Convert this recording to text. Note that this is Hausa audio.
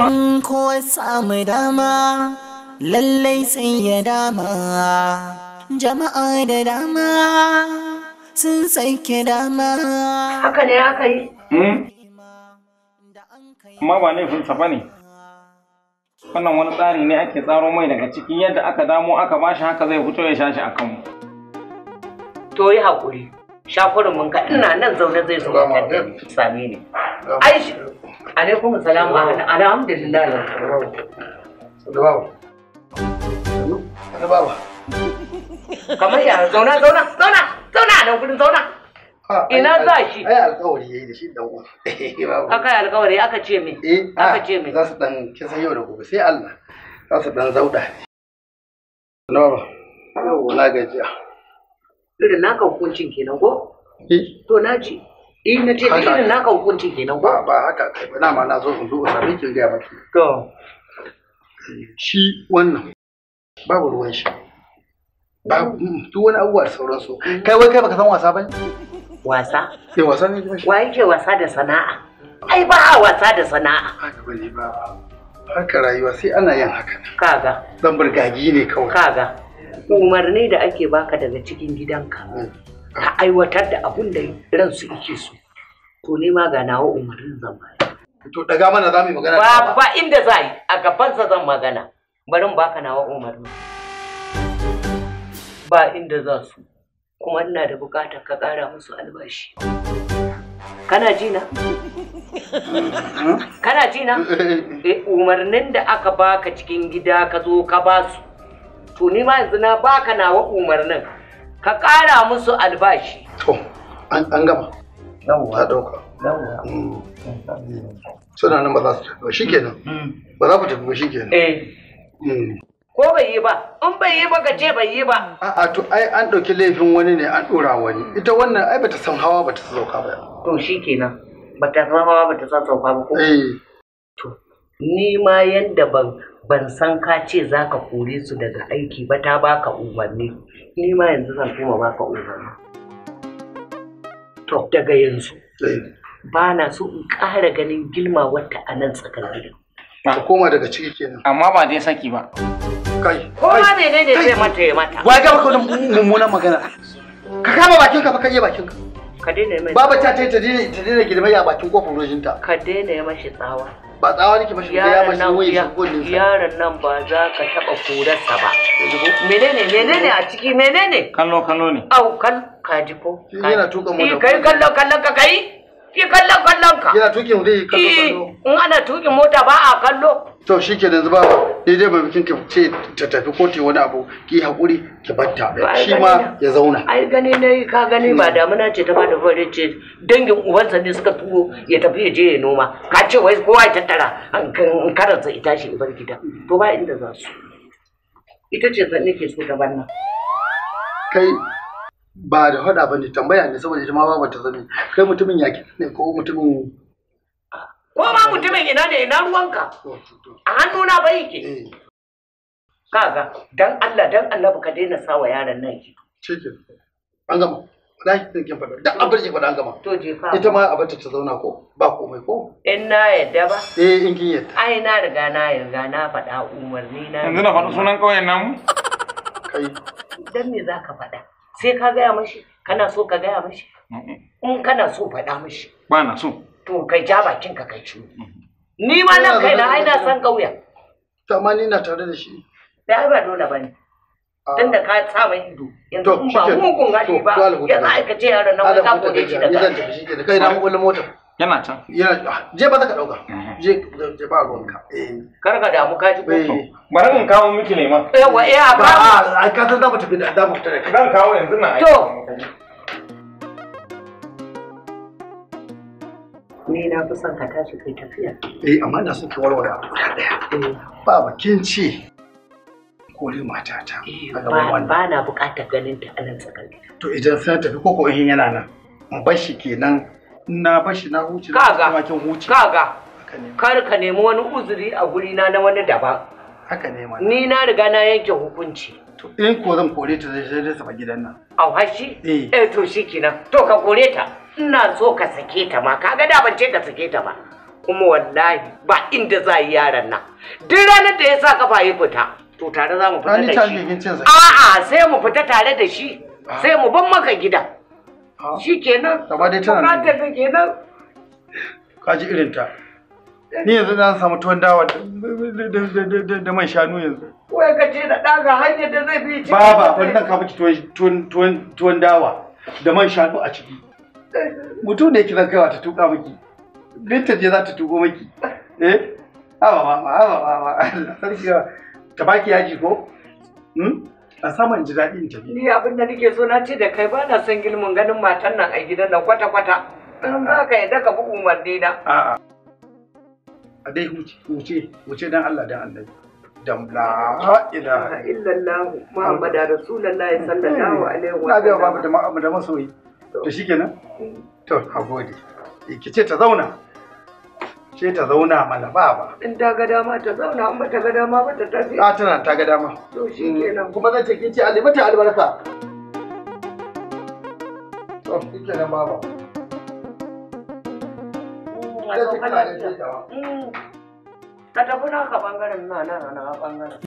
ban ko samu dama lallai sai ya dama jama'a da dama sun sake dama haka ne haka yi hmm? amma ba laifinsa ba ne wannan wani tsari ne ake tsaro mai daga cikin yadda aka damo aka bashi haka zai fito ya shashi a kanmu to yi haƙuri shakurin mun ka ina nan zaune zai zo kan sami ne. Aishi, alaikum salam alhamdulillah kamar ya zauna zauna zauna zauna nan gudun zauna ah, ina za shi ai alkawari yayi da shi dan uwa aka yi alkawari aka ce me eh, ah, aka ce me za su dan kisan yau da gobe sai Allah za su dan zauda ne na gajiya irin naka hukuncin kenan ko eh. to na ji in eh, na ce irin naka hukuncin kenan ko ba haka kai ba dama na zo zo sami kin ga maki to shi wannan babu ruwan shi ba mm, duk wani abubuwa da sauransu kai wai kai baka san wasa ba wasa eh wasa ne kuma shi. wa ke wasa da sana'a ai ba a wasa da sana'a haka bane ba haka rayuwa sai ana yin haka kaga dan burgagi ne kawai kaga umarni da ake baka daga cikin gidanka mm. ka aiwatar da abun da su yake so to ne ma ga nawa umarnin zan ba to daga mana za mu magana ba ba inda za yi a sa zan magana bari in baka nawa umarni ba inda za su kuma ina da bukatar ka kara musu albashi kana ji na mm. kana ji na eh, umarnin da aka baka cikin gida ka zo ka ba su to ni ma yanzu na baka nawa umarnin ka kara musu albashi to an gama yawwa dauka yawwa mm. suna nan ba za su tafi ba shikenan mm. ba za ku tafi ba shikenan eh mm. ko bai yi ba in bai yi ba ka ce bai yi ba a'a to ai an ɗauki laifin wani ne an dora wani ita wannan ai bata san hawa bata san sauka ba to shikenan bata san hawa bata san sauka ba ko eh to ni ma yanda ban ban san ka ce za ka kore su daga aiki ba ta baka umarni ni ma yanzu zan koma baka umarni to daga yanzu ba na so in ƙara ganin gilma wata a nan tsakar gidan koma daga ciki kenan amma ba dai saki ba kai Koma ne ne ne zai mata ya mata wai ga maka mummunan magana ka kama bakin ka fa kai bakin ka ka daina mai baba ta ta daina ta daina girma ya bakin kofar rojinta ka daina mashi tsawa ba tsawa nake ba ya ba shi wuyi shi kullun yaron nan ba za ka taba korarsa ba menene menene a ciki menene kallo kallo ne au kal kaji ko yana tuka mota kai kallo kallon ka kai ki kallon kallon ka yana tuki mu dai kallo kallo in ana tuki mota ba a kallo to shike yanzu ba dai dai mai bikin ce ta tafi ko ta wani abu ki hakuri ki batta shi ma ya zauna ai gani ne ka gani ba hmm. damuna ce ta bada fure ce dangin uwansa ne suka tugo ya tafi ya je ya noma ka ce wai kowa ya tattara an karanta ita shi bar gida to ba inda za su ita ce zan nake so gaban nan kai ba da hada bane tambaya ne saboda ita ma ba ta sani kai mutumin yake ne ko mutumin ko ma mutumin ina da ina ruwanka a hannuna bai yake eh. kaga dan Allah dan Allah ka daina sawa yaran nan ki cikin an gama na shi cikin fada dan abin shi fada an gama to je fa ita ma abata ta zauna ko ba komai ko in na yadda ba eh in kin yadda ai na riga na yarda na fada umarni na yanzu na faɗa sunan kauyen namu kai dan me zaka faɗa sai ka gaya mashi kana so ka gaya mashi in kana so faɗa mashi ba na so to kai ja bakin ka kai ciwo mhm. ni ma nan kai na ai na san kauya to amma ni na tare da shi da ai ba dole bane ah. tunda ka sa mai ido yanzu in ba mugun gadi ba ya za ka je yaron nan wani kafo da shi da kai zan tafi shi da kai na mugun mota yana can ah, je ba za ka dauka mhm. je je ba ruwanka eh. kar ka damu ka ji koko eh. bari in kawo miki lema yawa eh a ba a ka san za mu tafi da mu fita da ka zan kawo yanzu na to ni na fi son ka tashi kai tafiya eh amma ina son ki warware abu guda daya eh. ba bakin ce kore matata a eh, gaban ba na buƙatar ganin ta anan tsakar to idan sun tafi ko ko in yana nan in bar shi kenan na bar shi na huce kaga kaga kar ka nemi wani uzuri a gurina na wani daban haka ne ni na riga na yanke hukunci To in ko zan kore ta zai zai saba gidan nan. A washi? Eh. eh to shi kenan, To ka kore ta. Ina so ka sake ta ma. Kaga da ban ce ka sake ta ba. Kuma wallahi ba inda za yi yaran nan. Duk ranar da ya sa kafa ya fita. To tare za mu fita da shi. ta A'a sai mu fita tare da shi. Ah. Sai mu ban maka gida. Ah. Shikenan. Gaba dai tana. Bukatar ka kenan. Ka ji irin ta. Ni yanzu na samu tuwon dawa da man shanu yanzu. Wai ka ce da ɗaga hanyar da zai fi ci. Baba, wannan ka kawo miki tuwon dawa da man shanu a ciki. Mutum ne kiran kaiwa ta tuka miki. Binta je za ta tuƙo miki. Eh? Awa mama, awa mama, Allah sarki yawa. Ta baki yaji ko? Hmm? a saman ji daɗin ta ni abin da nake so na ce da kai ba na son gilmin ganin matan nan a gidan nan kwata-kwata Ba ka yadda ka fi umarni na a'a a dai huce huce dan Allah dan annabi dan la ilaha illallah muhammadu rasulullahi sallallahu alaihi wa sallam na ga babu da Muhammadu da masoyi to shikenan mm. to hagode eh, ki ce ta zauna ce ta zauna mana baba in ta ga dama ta zauna amma ta ga dama ba ta tafi a ah, tana ta ga dama to shikenan mm. kuma zan ce k'i ce alimata albarka to shikenan baba a mm. tafi naka bangaren na na a bangaren